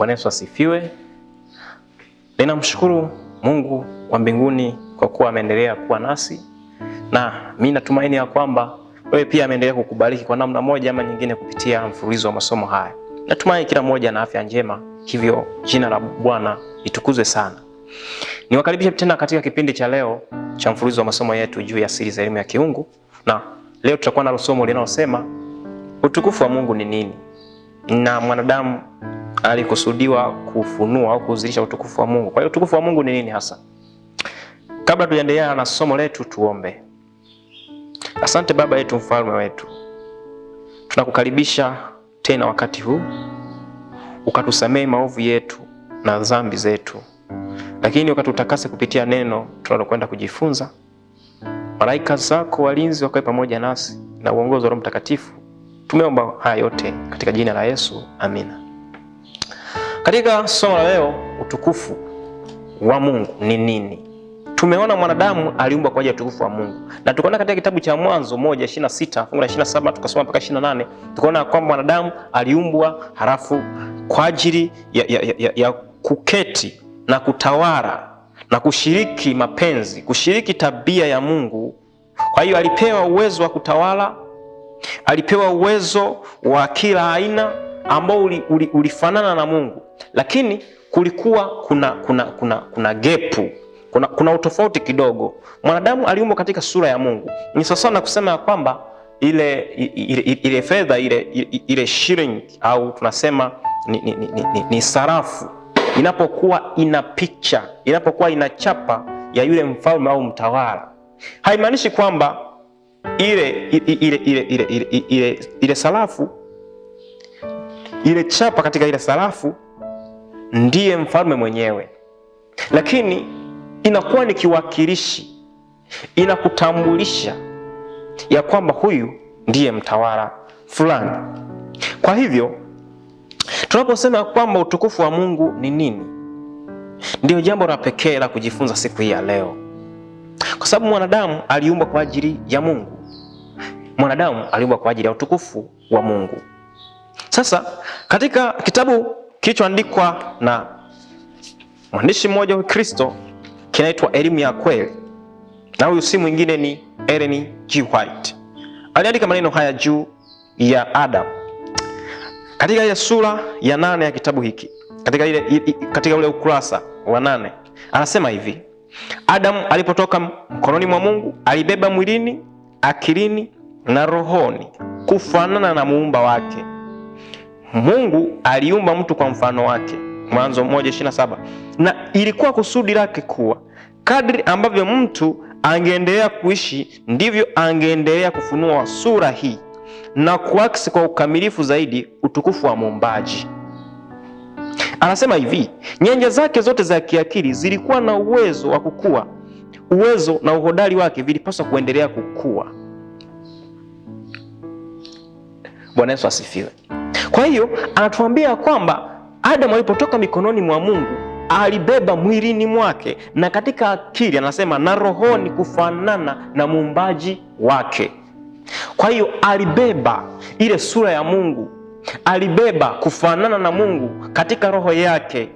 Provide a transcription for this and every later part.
Bwana Yesu asifiwe. Ninamshukuru Mungu wa mbinguni kwa kuwa ameendelea kuwa nasi, na mimi natumaini ya kwamba wewe pia ameendelea kukubariki kwa namna moja ama nyingine kupitia mfululizo wa masomo haya. Natumai kila mmoja na afya njema, hivyo jina la Bwana litukuzwe sana. Niwakaribisha tena katika kipindi cha leo cha mfululizo wa masomo yetu juu ya siri za elimu ya kiungu, na leo tutakuwa na somo linalosema utukufu wa Mungu ni nini na mwanadamu alikusudiwa kufunua au kuzilisha utukufu wa Mungu. Kwa hiyo utukufu wa Mungu ni nini hasa? Kabla tujaendelea na somo letu, tuombe. Asante Baba yetu, mfalme wetu, tunakukaribisha tena wakati huu ukatusamehe maovu yetu na dhambi zetu, lakini ukatutakase kupitia neno tunalokwenda kujifunza. Malaika zako walinzi wakawe pamoja nasi na uongozi wa Roho Mtakatifu. Tumeomba haya yote katika jina la Yesu, amina. Katika somo la leo, utukufu wa Mungu ni nini? Tumeona mwanadamu aliumbwa kwa ajili ya utukufu wa Mungu, na tukaona katika kitabu cha Mwanzo moja ishirini sita fungu la saba tukasoma mpaka 28, na nane tukaona kwamba mwanadamu aliumbwa halafu kwa ajili ya, ya, ya, ya kuketi na kutawala na kushiriki mapenzi, kushiriki tabia ya Mungu. Kwa hiyo alipewa uwezo wa kutawala, alipewa uwezo wa kila aina ambao uli, uli, ulifanana na Mungu, lakini kulikuwa kuna kuna kuna kuna gepu kuna, kuna utofauti kidogo. Mwanadamu aliumbwa katika sura ya Mungu. Ni sawasawa na kusema ya kwamba ile ile, ile fedha ile, ile shilling au tunasema ni, ni, ni, ni, ni sarafu inapokuwa ina picha inapokuwa ina chapa ya yule mfalme au mtawala, haimaanishi kwamba ile ile ile ile, ile, ile, ile, ile sarafu ile chapa katika ile sarafu ndiye mfalme mwenyewe, lakini inakuwa ni kiwakilishi, inakutambulisha ya kwamba huyu ndiye mtawala fulani. Kwa hivyo tunaposema kwamba utukufu wa Mungu ni nini, ndiyo jambo la pekee la kujifunza siku hii ya leo, kwa sababu mwanadamu aliumbwa kwa ajili ya Mungu. Mwanadamu aliumbwa kwa ajili ya utukufu wa Mungu. Sasa katika kitabu kilichoandikwa na mwandishi mmoja wa Kristo kinaitwa Elimu ya Kweli, na huyu si mwingine ni Ellen G. White. Aliandika maneno haya juu ya Adam katika ile sura ya nane ya kitabu hiki, katika ile katika ule ukurasa wa nane anasema hivi: Adamu alipotoka mkononi mwa Mungu alibeba mwilini, akilini na rohoni kufanana na muumba wake Mungu aliumba mtu kwa mfano wake, Mwanzo 1:27 na ilikuwa kusudi lake kuwa kadri ambavyo mtu angeendelea kuishi ndivyo angeendelea kufunua sura hii na kuakisi kwa ukamilifu zaidi utukufu wa Muumbaji. Anasema hivi, nyanja zake zote za kiakili zilikuwa na uwezo wa kukua. Uwezo na uhodari wake vilipaswa kuendelea kukua. Bwana Yesu asifiwe. Kwa hiyo anatuambia kwamba Adamu alipotoka mikononi mwa Mungu alibeba mwilini mwake na katika akili, anasema na rohoni, kufanana na muumbaji wake. Kwa hiyo alibeba ile sura ya Mungu, alibeba kufanana na Mungu katika roho yake.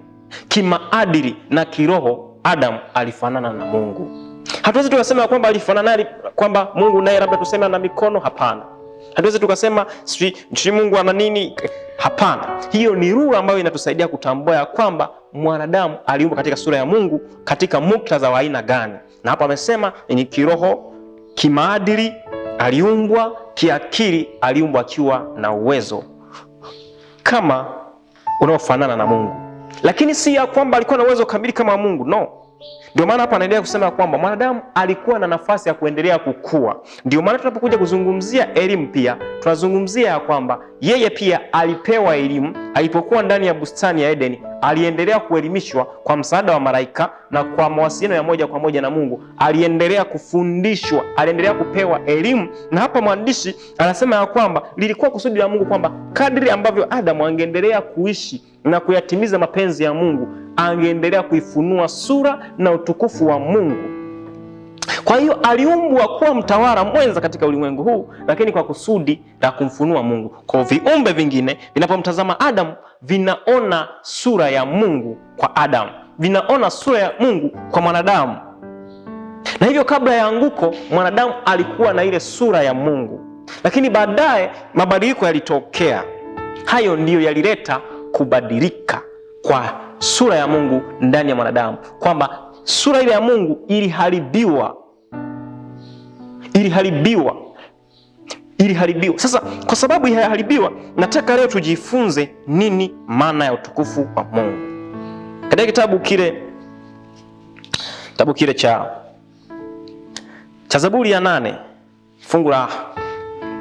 Kimaadili na kiroho, Adamu alifanana na Mungu. Hatuwezi tukasema kwamba alifanana kwamba Mungu naye labda tuseme na mikono, hapana. Hatuwezi tukasema sijui Mungu ana nini. Hapana, hiyo ni lugha ambayo inatusaidia kutambua ya kwamba mwanadamu aliumbwa katika sura ya Mungu katika muktadha wa aina gani, na hapo amesema ni kiroho, kimaadili aliumbwa, kiakili aliumbwa akiwa na uwezo kama unaofanana na Mungu, lakini si ya kwamba alikuwa na uwezo kamili kama Mungu, no ndio maana hapa anaendelea kusema kwamba mwanadamu alikuwa na nafasi ya kuendelea kukua. Ndio maana tunapokuja kuzungumzia elimu, pia tunazungumzia ya kwamba yeye pia alipewa elimu alipokuwa ndani ya bustani ya Edeni aliendelea kuelimishwa kwa msaada wa malaika na kwa mawasiliano ya moja kwa moja na Mungu. Aliendelea kufundishwa, aliendelea kupewa elimu, na hapa mwandishi anasema ya kwamba lilikuwa kusudi la Mungu kwamba kadri ambavyo Adamu angeendelea kuishi na kuyatimiza mapenzi ya Mungu, angeendelea kuifunua sura na utukufu wa Mungu kwa hiyo aliumbwa kuwa mtawala mwenza katika ulimwengu huu, lakini kwa kusudi la kumfunua Mungu. Kwa viumbe vingine vinapomtazama Adamu vinaona sura ya Mungu kwa Adamu, vinaona sura ya Mungu kwa mwanadamu, na hivyo kabla ya anguko mwanadamu alikuwa na ile sura ya Mungu, lakini baadaye mabadiliko yalitokea. Hayo ndiyo yalileta kubadilika kwa sura ya Mungu ndani ya mwanadamu kwamba sura ile ya Mungu iliharibiwa, iliharibiwa, iliharibiwa. Sasa kwa sababu iliharibiwa, nataka leo tujifunze nini maana ya utukufu wa Mungu katika kitabu kile kitabu kile cha cha Zaburi ya nane fungu la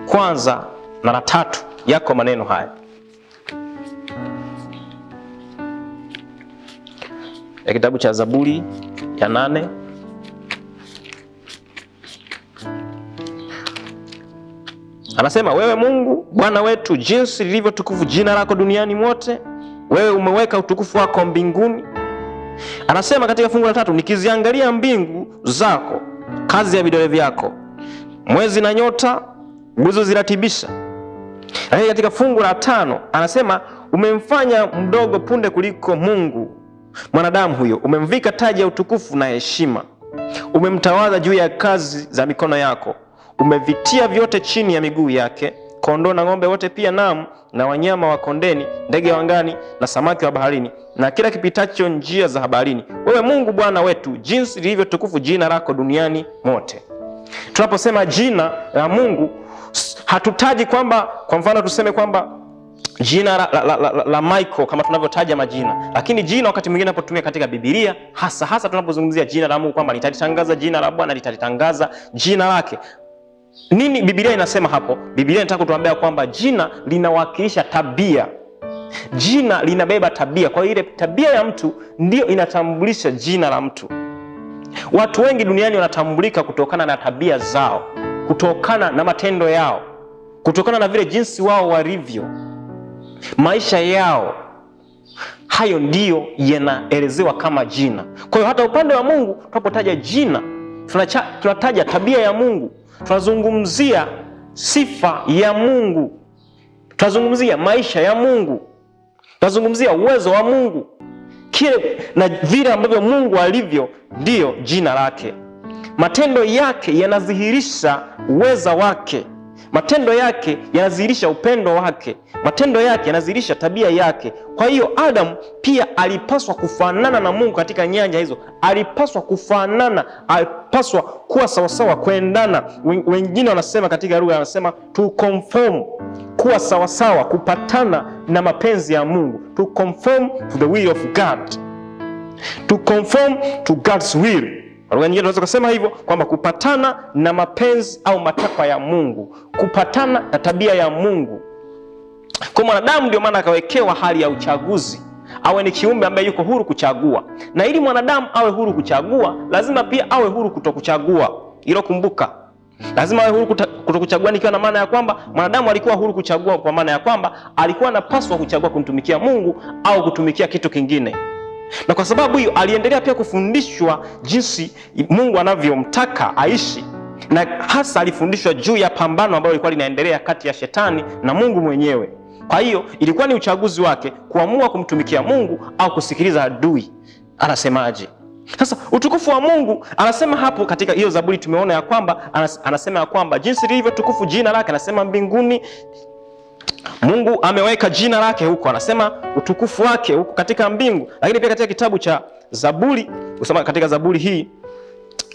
kwanza na la tatu yako maneno haya ya kitabu cha Zaburi ya nane anasema, wewe Mungu Bwana wetu, jinsi lilivyo tukufu jina lako duniani mote, wewe umeweka utukufu wako mbinguni. Anasema katika fungu la tatu, nikiziangalia mbingu zako, kazi ya vidole vyako, mwezi na nyota ulizoziratibisha. Lakini katika fungu la tano anasema umemfanya mdogo punde kuliko Mungu Mwanadamu huyo umemvika taji ya utukufu na heshima, umemtawaza juu ya kazi za mikono yako, umevitia vyote chini ya miguu yake, kondoo na ng'ombe wote pia, naam, na wanyama wa kondeni, ndege wa angani na samaki wa baharini, na kila kipitacho njia za baharini. Wewe Mungu Bwana wetu, jinsi lilivyo tukufu jina lako duniani mote. Tunaposema jina la Mungu hatutaji kwamba, kwa mfano tuseme kwamba jina la, la, la, la, la Michael kama tunavyotaja majina, lakini jina wakati mwingine tunapotumia katika Biblia, hasa hasa tunapozungumzia jina la Mungu kwamba litalitangaza jina la Bwana, litalitangaza jina lake. Nini Biblia inasema hapo? Biblia inataka kutuambia kwamba jina linawakilisha tabia, jina linabeba tabia. Kwa hiyo ile tabia ya mtu ndiyo inatambulisha jina la mtu. Watu wengi duniani wanatambulika kutokana na tabia zao, kutokana na matendo yao, kutokana na vile jinsi wao walivyo maisha yao, hayo ndiyo yanaelezewa kama jina. Kwa hiyo hata upande wa Mungu tunapotaja jina tunacha, tunataja tabia ya Mungu, tunazungumzia sifa ya Mungu, tunazungumzia maisha ya Mungu, tunazungumzia uwezo wa Mungu, kile na vile ambavyo Mungu alivyo ndiyo jina lake. Matendo yake yanadhihirisha uweza wake Matendo yake yanazirisha upendo wake, matendo yake yanadhihirisha tabia yake. Kwa hiyo Adamu pia alipaswa kufanana na Mungu katika nyanja hizo, alipaswa kufanana, alipaswa kuwa sawasawa, kuendana. Wengine wanasema katika lugha, wanasema to conform, kuwa sawasawa, kupatana na mapenzi ya Mungu, to conform to the will of God, to conform to God's will kwa lugha nyingine tunaweza kusema hivyo kwamba kupatana na mapenzi au matakwa ya Mungu, kupatana na tabia ya Mungu. Kwa mwanadamu, ndio maana akawekewa hali ya uchaguzi, awe ni kiumbe ambaye yuko huru kuchagua, na ili mwanadamu awe huru kuchagua, lazima pia awe huru kutokuchagua. Hilo kumbuka, lazima awe huru kutokuchagua, nikiwa na maana ya kwamba mwanadamu alikuwa huru kuchagua, kwa maana ya kwamba alikuwa anapaswa kuchagua kumtumikia Mungu au kutumikia kitu kingine na kwa sababu hiyo aliendelea pia kufundishwa jinsi Mungu anavyomtaka aishi, na hasa alifundishwa juu ya pambano ambayo ilikuwa linaendelea kati ya shetani na Mungu mwenyewe. Kwa hiyo ilikuwa ni uchaguzi wake kuamua kumtumikia Mungu au kusikiliza adui anasemaje. Sasa utukufu wa Mungu anasema hapo katika hiyo Zaburi tumeona ya kwamba anasema ya kwamba jinsi lilivyo tukufu jina lake, anasema mbinguni Mungu ameweka jina lake huko, anasema utukufu wake huko katika mbingu. Lakini pia katika kitabu cha Zaburi usema katika Zaburi hii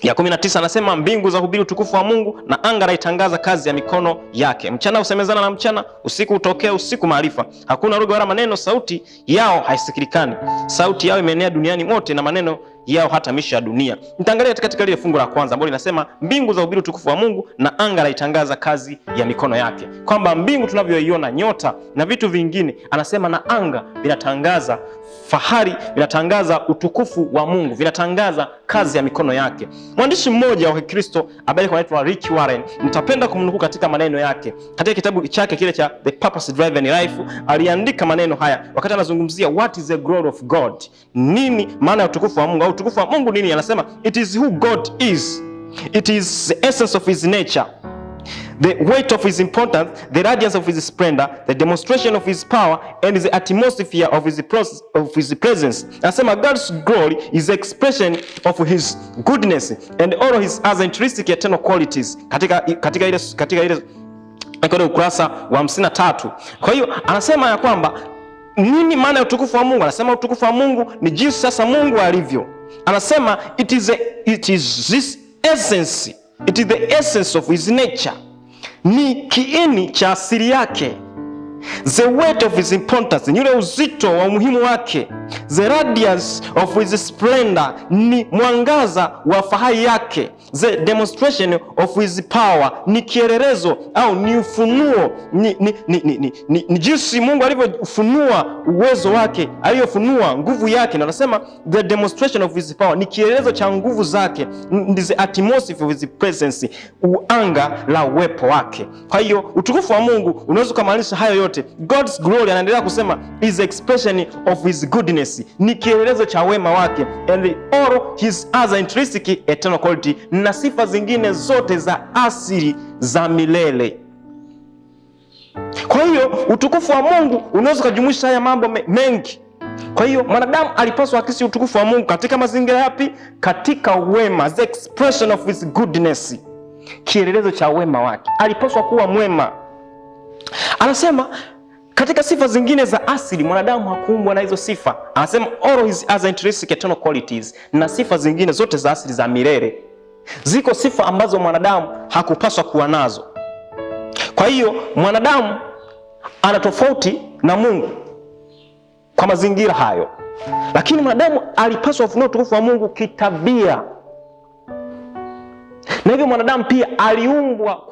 ya 19 anasema mbingu za hubiri utukufu wa Mungu na anga laitangaza kazi ya mikono yake. Mchana husemezana na mchana, usiku utokea usiku maarifa. Hakuna lugha wala maneno, sauti yao haisikilikani. Sauti yao imeenea duniani mote na maneno yao hata miisho ya dunia. Nitaangalia katika lile fungu la kwanza ambalo linasema mbingu za ubiri utukufu wa Mungu na anga laitangaza kazi ya mikono yake, kwamba mbingu tunavyoiona nyota na vitu vingine, anasema na anga vinatangaza fahari, vinatangaza utukufu wa Mungu, vinatangaza kazi ya mikono yake. Mwandishi mmoja wa Kikristo ambaye anaitwa Rick Warren, nitapenda kumnukuu katika maneno yake katika kitabu chake kile cha The Purpose Driven Life, aliandika maneno haya wakati anazungumzia what is the glory of God, nini maana ya utukufu wa Mungu au utukufu wa Mungu nini? Anasema it is who God is, it is the essence of his nature the weight of his importance, the radiance of his splendor, the demonstration of his power, and the atmosphere of his, process, of his presence. Anasema God's glory is expression of his goodness and all his other intrinsic eternal qualities. Katika, katika ile katika ile katika ukurasa wa 53. Kwa hiyo anasema ya kwamba nini maana ya utukufu wa Mungu? Anasema utukufu wa Mungu ni jinsi sasa Mungu alivyo anasema it is a, it is this essence, it is the essence of his nature, ni kiini cha asili yake, the weight of his importance, ni ule uzito wa umuhimu wake, the radiance of his splendor, ni mwangaza wa fahari yake the demonstration of his power, ni kielelezo au ni ufunuo, ni, ni, ni, ni, ni, ni, ni jinsi Mungu alivyofunua uwezo wake, aliyofunua nguvu yake, na anasema the demonstration of his power, ni kielelezo cha nguvu zake, the atmosphere of his presence, uanga la uwepo wake. Kwa hiyo utukufu wa Mungu unaweza kumaanisha hayo yote. God's glory, anaendelea kusema is expression of his goodness, ni kielelezo cha wema wake and all his other intrinsic eternal quality na sifa zingine zote za asili za milele. Kwa hiyo utukufu wa Mungu unaweza ukajumuisha haya mambo mengi. Kwa hiyo mwanadamu alipaswa akisi utukufu wa Mungu katika mazingira yapi? Katika wema, the expression of his goodness, kielelezo cha wema wake. Alipaswa kuwa mwema. Anasema katika sifa zingine za asili mwanadamu hakuumbwa na hizo sifa. Anasema all his other intrinsic eternal qualities, na sifa zingine zote za asili za milele Ziko sifa ambazo mwanadamu hakupaswa kuwa nazo. Kwa hiyo mwanadamu ana tofauti na Mungu kwa mazingira hayo, lakini mwanadamu alipaswa afunue utukufu wa Mungu kitabia, na hivyo mwanadamu pia aliumbwa kwa